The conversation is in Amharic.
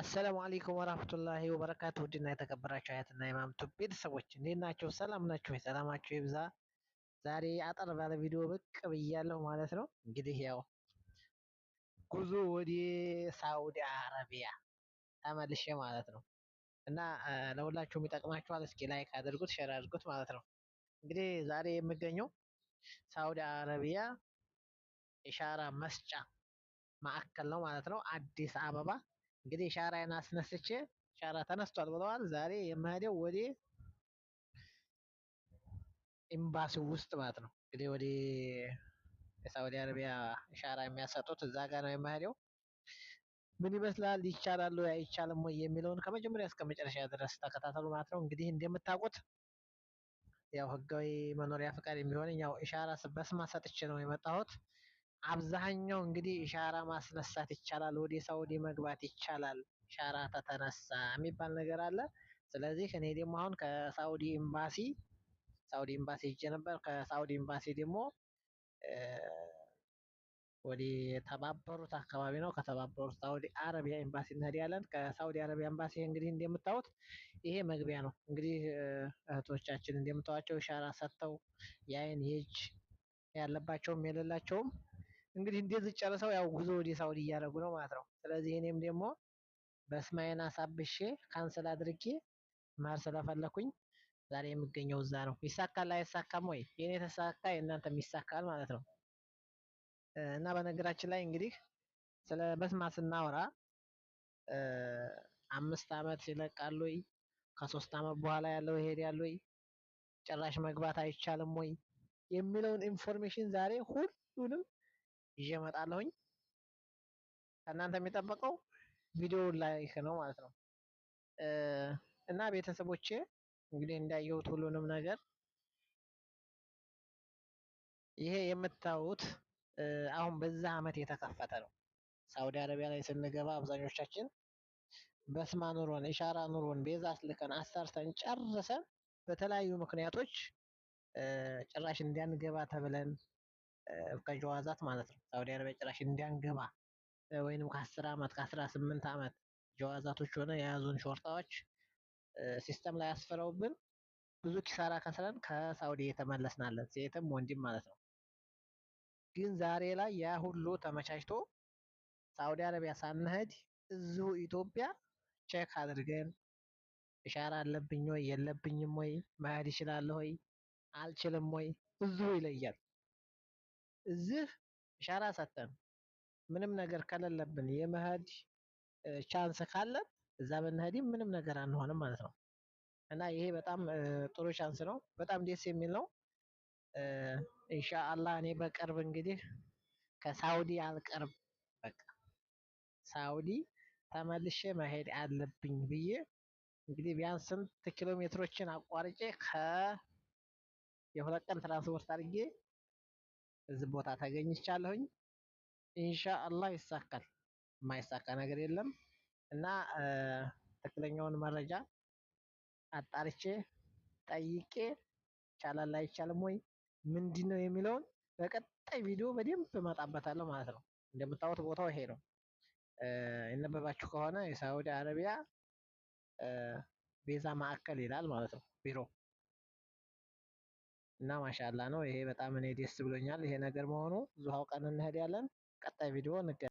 አሰላሙ አለይኩም ወራህመቱላሂ ወበረካቱ። ውድና የተከበራችሁ አያትና የማምቱ ቤተሰቦች እንዴት ናቸው? ሰላም ናቸው ወይ? ሰላማችሁ ይብዛ። ዛሬ አጠር ባለ ቪዲዮ ብቅ ብያለሁ ማለት ነው። እንግዲህ ያው ጉዞ ወደ ሳውዲ አረቢያ ተመልሼ ማለት ነው እና ለሁላችሁም ይጠቅማችኋል። እስኪ ላይክ አድርጉት፣ ሼር አድርጉት ማለት ነው። እንግዲህ ዛሬ የምገኘው ሳውዲ አረቢያ ኢሻራ መስጫ ማዕከል ነው ማለት ነው። አዲስ አበባ እንግዲህ ሻራዬን አስነስቼ ሻራ ተነስቷል ብለዋል። ዛሬ የማሄደው ወደ ኤምባሲው ውስጥ ማለት ነው። እንግዲህ ወደ የሳውዲ አረቢያ ሻራ የሚያሰጡት እዛ ጋር ነው የማሄደው። ምን ይመስላል? ይቻላሉ አይቻልም ወይ የሚለውን ከመጀመሪያ እስከ መጨረሻ ድረስ ተከታተሉ ማለት ነው። እንግዲህ እንደምታውቁት ያው ህጋዊ መኖሪያ ፈቃድ የሚሆን ያው ኢሻራ በስማ ሰጥቼ ነው የመጣሁት። አብዛኛው እንግዲህ ኢሻራ ማስነሳት ይቻላል። ወደ ሳውዲ መግባት ይቻላል። ኢሻራ ተተነሳ የሚባል ነገር አለ። ስለዚህ እኔ ደግሞ አሁን ከሳውዲ ኤምባሲ ሳውዲ ኤምባሲ ሄጄ ነበር። ከሳውዲ ኤምባሲ ደግሞ ወደ ተባበሩት አካባቢ ነው። ከተባበሩት ሳውዲ አረቢያ ኤምባሲ እንሄዳለን። ከሳውዲ አረቢያ ኤምባሲ እንግዲህ እንደምታዩት ይሄ መግቢያ ነው። እንግዲህ እህቶቻችን እንደምታዋቸው ኢሻራ ሰጥተው የአይን የእጅ ያለባቸውም የሌላቸውም እንግዲህ እንደዚህ ጨርሰው ያው ጉዞ ወደ ሳውዲ እያደረጉ ነው ማለት ነው። ስለዚህ እኔም ደግሞ በስማይን አሳብሼ ካንስል አድርጌ ማር ስለፈለኩኝ ዛሬ የሚገኘው እዛ ነው። ይሳካል አይሳካም ወይ? የኔ ተሳካ የእናንተም ይሳካል ማለት ነው። እና በነገራችን ላይ እንግዲህ ስለ በስማ ስናወራ አምስት አመት ይለቃሉ ወይ? ከሶስት አመት በኋላ ያለው ይሄዳሉ ወይ? ጭራሽ መግባት አይቻልም ወይ? የሚለውን ኢንፎርሜሽን ዛሬ ሁሉንም ይዤ እመጣለሁኝ። ከእናንተ የሚጠበቀው ቪዲዮ ላይክ ነው ማለት ነው። እና ቤተሰቦቼ እንግዲህ እንዳየሁት ሁሉንም ነገር ይሄ የምታዩት አሁን በዛ አመት የተከፈተ ነው። ሳውዲ አረቢያ ላይ ስንገባ አብዛኞቻችን በስማ ኑሮን፣ ኢሻራ ኑሮን፣ ቤዛ አስልከን አሰርተን ጨርሰን በተለያዩ ምክንያቶች ጭራሽ እንዲያንገባ ተብለን ከጀዋዛት ማለት ነው። ሳውዲ አረቢያ ጭራሽ እንዳንገባ ወይንም ከአስር ዓመት ከአስራ ስምንት ዓመት ጀዋዛቶች ሆነ የያዙን ሾርታዎች ሲስተም ላይ ያስፈረውብን ብዙ ኪሳራ ከስረን ከሳውዲ የተመለስናለን ሴትም ወንድም ማለት ነው። ግን ዛሬ ላይ ያ ሁሉ ተመቻችቶ ሳውዲ አረቢያ ሳንሄድ እዚሁ ኢትዮጵያ ቼክ አድርገን ኢሻራ አለብኝ ወይ የለብኝም ወይ መሄድ ይችላል ወይ አልችልም ወይ እዚሁ ይለያል። እዚህ ሻራ ሰጠን። ምንም ነገር ከሌለብን የመሄድ ቻንስ ካለን እዛ ብንሄድ ምንም ነገር አንሆንም ማለት ነው እና ይሄ በጣም ጥሩ ቻንስ ነው። በጣም ደስ የሚል ነው። ኢንሻአላህ እኔ በቅርብ እንግዲህ ከሳውዲ አልቀርብ በቃ ሳውዲ ተመልሼ መሄድ አለብኝ ብዬ እንግዲህ ቢያንስ ስንት ኪሎ ሜትሮችን አቋርጬ ከ የሁለት ቀን ትራንስፖርት አድርጌ እዚህ ቦታ ተገኝቻለሁኝ። ኢንሻአላህ ይሳካል፣ የማይሳካ ነገር የለም እና ትክክለኛውን መረጃ አጣርቼ ጠይቄ ይቻላል አይቻልም ወይ ምንድን ነው የሚለውን በቀጣይ ቪዲዮ በደንብ እመጣበታለሁ ማለት ነው። እንደምታዩት ቦታው ይሄ ነው። የነበባችሁ ከሆነ የሳውዲ አረቢያ ቤዛ ማዕከል ይላል ማለት ነው ቢሮ እና ማሻላ ነው። ይሄ በጣም እኔ ደስ ብሎኛል ይሄ ነገር መሆኑ። ብዙ ሀውቀን እንሄዳለን። ቀጣይ ቪዲዮ እንገናኝ።